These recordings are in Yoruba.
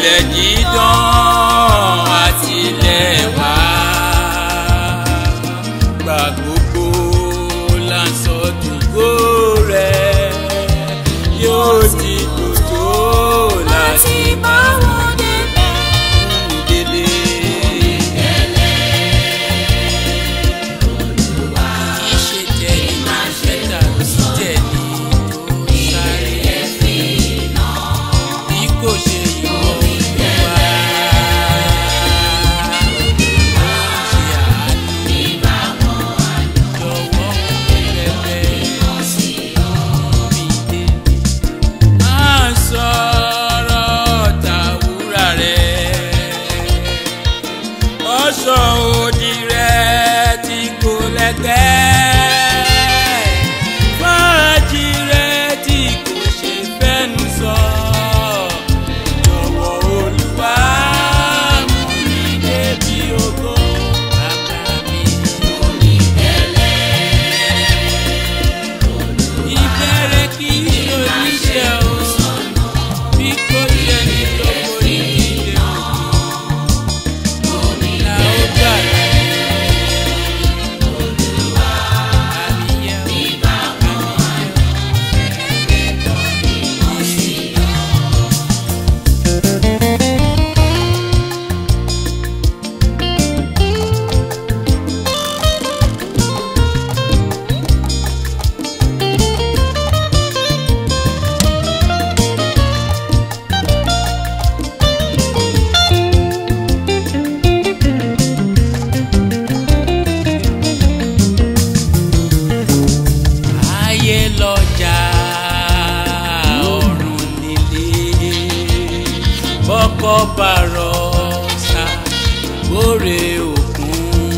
ilẹ̀ dídán. sọ òdì rẹ̀. òrè òkun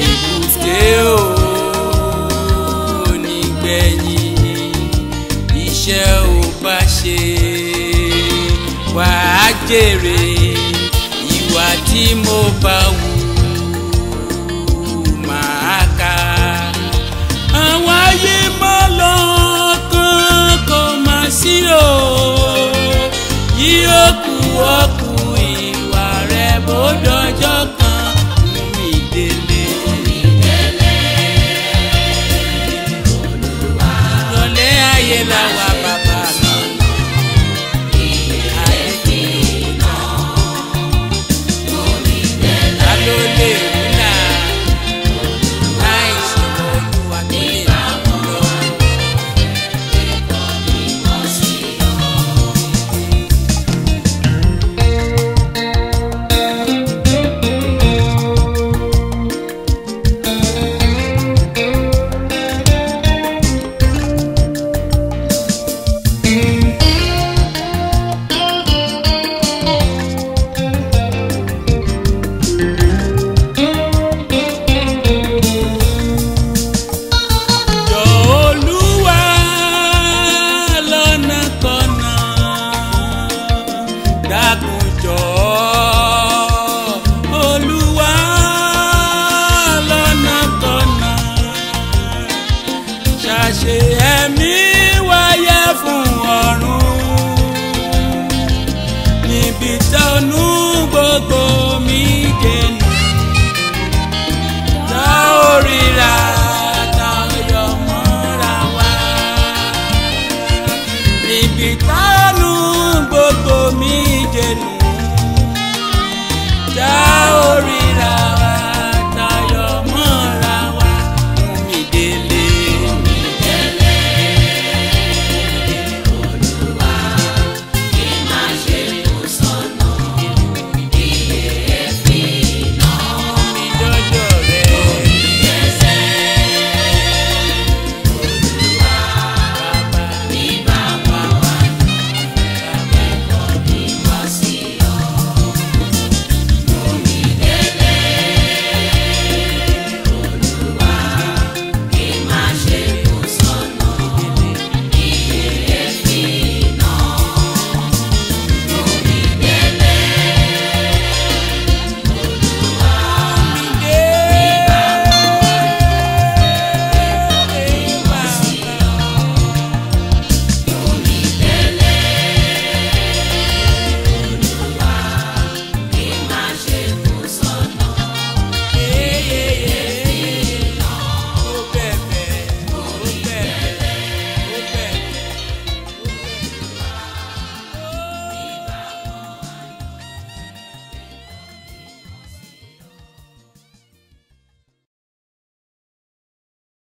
èbúté onígbẹ̀yìn iṣẹ́ ò bá ṣe wàá jèrè ìwà tí mo bá wù. saying now dákun jọ̀ọ́ olúwa lọ́nà tọ̀nà ṣàṣe ẹ̀mí wáyé fún ọ̀run níbi tọ́nú gbogbo mi dènà tá ò ríra. Tá wa níbi tá.